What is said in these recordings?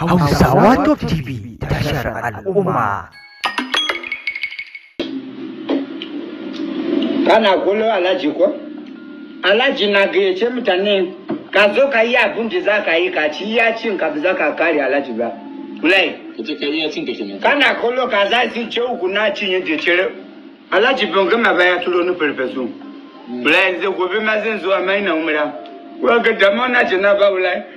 Hausawa Top TV tashar al'umma. Kana golo alaji ko? alaji na gayyace mutane ka zo ka yi abin da za ka yi ka ci ya cin ka za ka kare alaji ba. Kulai. ka yi ya cin ka Kana golo ka za su ce uku na cin yadda cire. Alaji bin gama ba ya turo ni farfesu. Kulai mm. zai gobe ma zan zo a mai na umra. Wa ga damu na ce na ba wulai.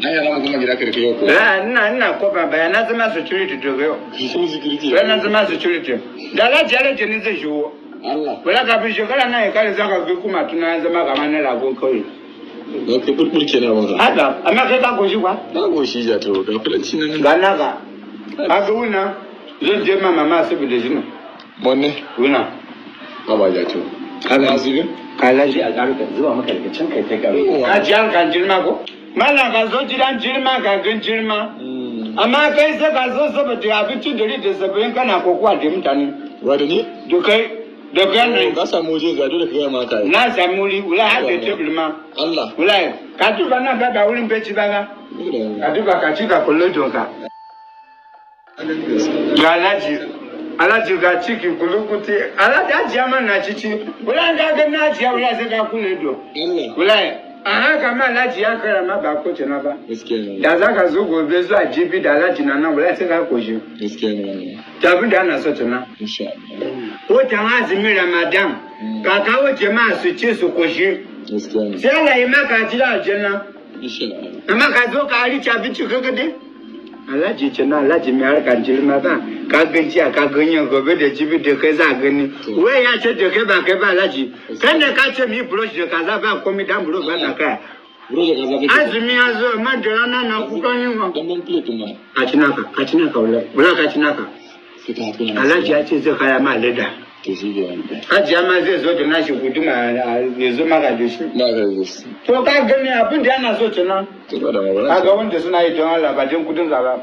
nan yana kuma gida karfe yau ko la eh, ina ina ko ba ba na zama security to yau so security ba eh, na zama security da la jare je ni zai shiwo Allah wala ka bi shekara na ya kare zaka ga kuma tuna zama kamar na lagon kawai ok ke bulbul ke na wanka haka amma kai ka goshi kwa na goshi ja to ga fulanci nan ga na ga ka ga wuna zan je ma mama asibiti shi nan wanne wuna ba ba ja to ka ga asibiti ka laji a garuka zuba maka daga can kai kai garuka ka ji an kan jirma ko malaka zotira njirima kange njirima amma kai sai ka zo saboda abincin dari da saba'in kana kokowa da mutane wadda ne da kai da kai ka samu waje gado da kai ma kai na samu wuri wula ha da tebul ma Allah wula ka tuba nan ka ga wurin bai ci ba ka tuba ka ci ka kullun to ka ga alaji alaji ga ciki kulukuti alaji ajiya man na cici wula ga ga na ajiya wula sai ka kullun to wula a haka ma ya kara ma ba ko tuna ba da za ka zo gobe zuwa jibi da alhaji na nan wala sai ka koshi da abin da ana so tuna azumin ramadan ka kawo jama'a su ci su koshi sai ala yi maka jira aljanna amma ka zo ka harici abinci kakade alhaji cina alhaji mai harkar jirgin ta ka gan jiya ka gan yin gobe da jibi da kai za gani wai ya ce da kai ba kai ba alhaji kan da ka ce mi brush da kaza ba komi dan buru ba na kaya azumi ya zo ma da rana na kukan yin wa ka ci naka ka ci ka alhaji ya ce zai kaya ma leda aji ama zai zo da nashi guduma ya zo maka da shi. Na ga shi. To ka gani abin da yana so tunan. a ga wanda suna yi don Allah ba jin kudin zaba.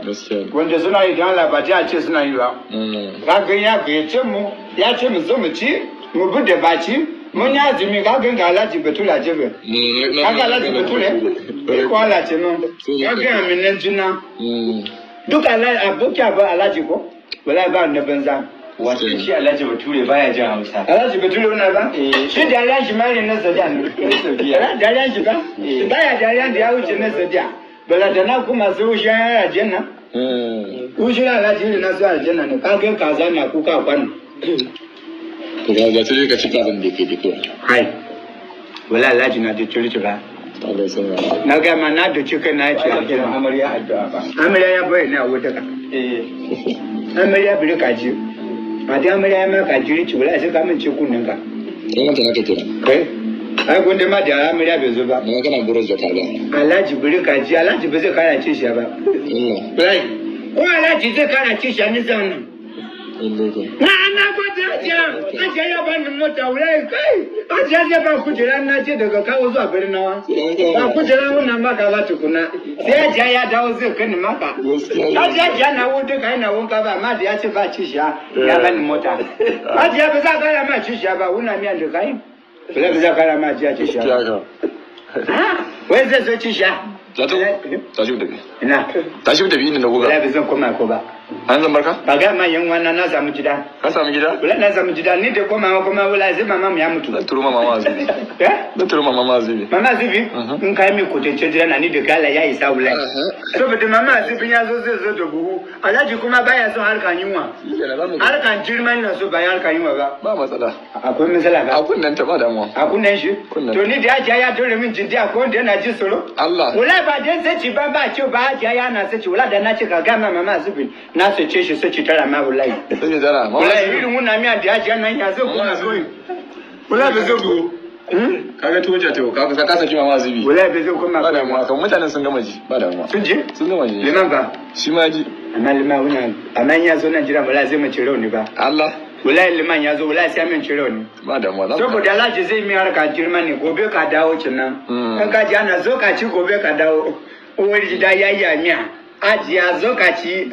Wanda suna yi don Allah ba a ce suna yi ba. Mm. Ka gani ya gayyace mu ya ce mu zo mu ci mu bi da baci. mun yi azumi ka gani ga alhaji batula jebe mm, ka ga alhaji batula ko alhaji nan ka ga aminan juna mm. duk aboki abu alaji ko wala ba na banza wato shi Alhaji Bature baya jin Hausa Alhaji Bature wannan ba eh, shi dariyan shi mai na Saudiya ne Saudiya dariyan shi ba eh. baya dariyan da ya wuce na Saudiya balatana kuma su shi ya aljanna hmm. Ushin Alhaji ne na su aljanna ne ka kai kaza na kuka kwano to ga ga sai ka ci kazan da ke diko hai wala Alhaji na da turtura na ga ma na da cikin na ce aljanna amarya addu'a ba amarya ya bayyana wuta ka eh. amarya bi ka ji mata amarya maka ajiri ci wala sai ka min ce kunnin ka kai eh? wanda nake ai gunde ma da amarya bai zo ba ne kana buros da kaza alhaji buri kaji alhaji ba zai kana ce shi ba ko alhaji zai kana ce shi a nan na na gwada ajiya. an ce ya bani mota wurai kai an ce ya ba kujera na ce daga kawo zuwa birnawa ba kujera wannan maka ba tukuna sai ya jiya ya dawo zai kani maka ta jiya na wu duka yana wanka ba ma da ya ce ba cishiya ya bani mota Ajiya jiya ba za a kara ma cishiya ba wuna miyan da kai ba za a kara ma jiya cishiya wai zai zo cishiya eh? tashi mu bi. ina tashi mu bi ina na goga ba zan koma ko ba an zan barka ba ga ma yan wannan na samu gida ka samu gida bula na samu gida ni da koma koma wala zai mama mu ya mutu da turu mama azubi eh da turu mama azubi mama azubi mhm. in kai mi kotance jira na ni da gala ya isa wala saboda mama azubi ya zo zai zo da buhu alhaji kuma baya son harkan yunwa harkan jirman na so baya harkan yunwa ba ba matsala akwai matsala ba a nan ta ba damuwa a nan shi to ni da ajiya ya dole min jindi akwai wanda yana ji tsoro Allah wala ba dan sai ci ba ba ci ba ajiya na sai ci wala da na ci ka ga mama azubi na sace shi sace tara ma wallahi sace tara ma wallahi irin wannan miya da yaji nan ya zai kuma soyi wallahi da zai go hmm? kaga tuwo ta tuwo kaga ka saki mama zibi wallahi da zai kuma ba damuwa kan mutanen sun gama ji ba damuwa sun je sun gama ji liman ba shi ma ji amma liman wannan amma ya zo nan jira wallahi zai rauni ba Allah liman ya zo wallahi sai cire ne ba da mu saboda alhaji zai mi harka ne gobe ka dawo kinan hmm. in ka ji ana zo ka ci gobe ka dawo uwar ji da yayya miya ajiya ci.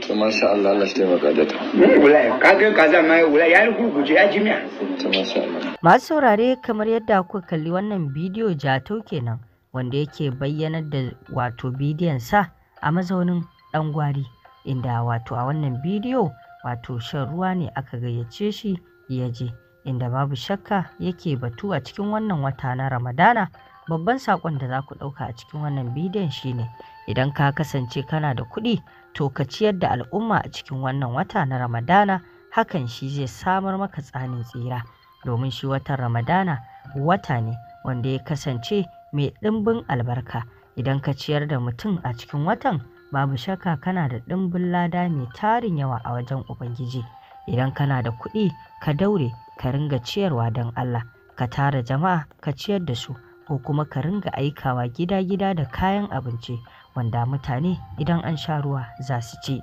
to masha Allah Allah shi taimaka da ta wallahi ka za ma wallahi ya gurguje ya jimiya to masha Allah masu saurare kamar yadda kuka kalli wannan bidiyo jato kenan wanda yake bayyanar da wato bidiyon sa a mazaunin dan gwari inda wato a wannan bidiyo wato shan ruwa ne aka gayyace shi ya je inda babu shakka yake batu a cikin wannan wata na Ramadana Babban saƙon da za ku ɗauka a cikin wannan bidiyon shine idan ka kasance kana da kuɗi to ka ciyar da al'umma a cikin wannan wata na Ramadana hakan shi zai samar maka tsanin tsira domin shi watan Ramadana wata ne wanda ya kasance mai ɗimbin albarka idan ka ciyar da mutum a cikin watan babu shakka kana da ɗimbin lada mai tarin yawa a wajen Ubangiji idan kana da kuɗi ka daure ka ringa ciyarwa don Allah ka tara jama'a ka ciyar da su ko kuma ka ringa aikawa gida-gida da kayan abinci wanda mutane idan an sha ruwa za su ci.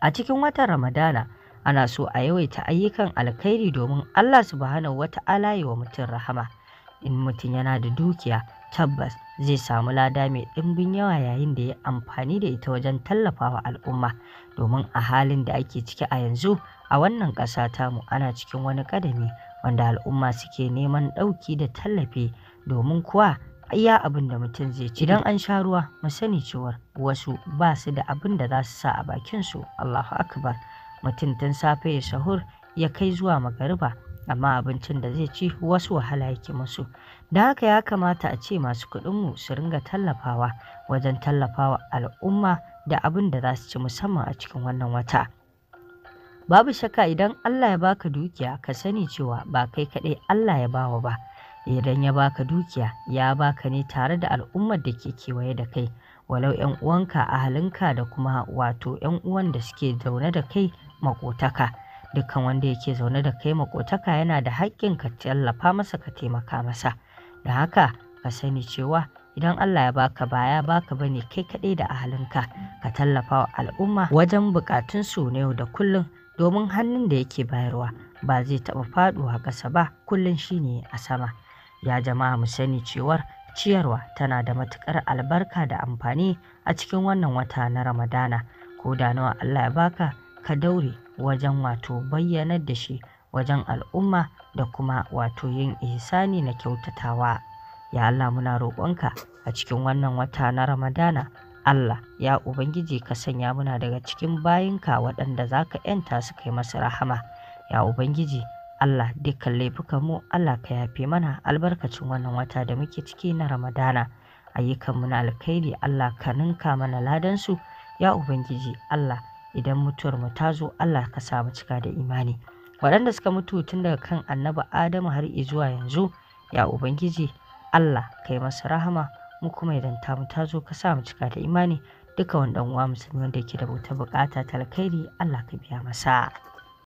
A cikin watan Ramadana ana so a yawaita ayyukan alkhairi domin Allah su bahana wata ya wa mutum rahama. In mutum yana da dukiya tabbas zai samu lada mai ɗimbin yawa yayin da ya amfani da ita wajen tallafawa al'umma domin a halin da ake ciki a yanzu a wannan ƙasa tamu ana cikin wani ƙadami wanda al'umma suke neman ɗauki da tallafi domin kuwa iya abin da mutum zai ci idan an sha ruwa mu sani cewar wasu ba su da abin da za su sa a bakin su Allahu akbar mutum tun safe ya sahur ya kai zuwa magariba amma abincin da zai ci wasu wahala yake musu da haka ya kamata a ce masu kuɗin mu su ringa tallafawa wajen tallafawa al'umma da abin da za su ci musamman a cikin wannan wata babu shakka idan Allah ya baka dukiya ka sani cewa ba kai kaɗai Allah ya bawa ba Idan ya baka dukiya, ya baka ne tare da al'ummar da ke kewaye da kai, walau 'yan uwanka, ahalinka da kuma wato 'yan uwan da suke zaune da kai maƙotaka. Dukkan wanda yake zaune da kai makotaka yana da haƙƙin ka tallafa masa ka taimaka masa. Da haka ka sani cewa idan Allah ya baka baya baka bane kai kaɗai da ahalinka, ka tallafa wa al'umma wajen su na yau da kullum domin hannun da yake bayarwa ba zai taɓa faɗuwa ƙasa ba kullum shine a sama. Ya jama'a mu sani cewar ciyarwa tana da matukar albarka da amfani a cikin wannan wata na Ramadana. Ko da nawa Allah ya baka ka daure wajen wato bayyanar da shi wajen al'umma da kuma wato yin ihsani na kyautatawa. Ya Allah muna roƙonka a cikin wannan wata na Ramadana Allah ya Ubangiji ka sanya muna daga cikin bayinka waɗanda za ka ‘yanta su kai masu rahama. Ya Ubangiji Allah dukkan mu Allah ka yafe mana albarkacin wannan wata da muke ciki na Ramadana ayyukan mu na alkhairi Allah ka ninka mana su ya Ubangiji Allah idan mutuwar mu ta zo Allah ka sa mu cika da imani waɗanda suka mutu tun daga kan annabi Adamu har zuwa yanzu ya Ubangiji Allah ka yi masa rahama mu kuma idan ta mu ta zo ka sa mu cika da imani duka wanda uwa musulmi wanda yake da bauta bukata ta alkhairi Allah ka biya masa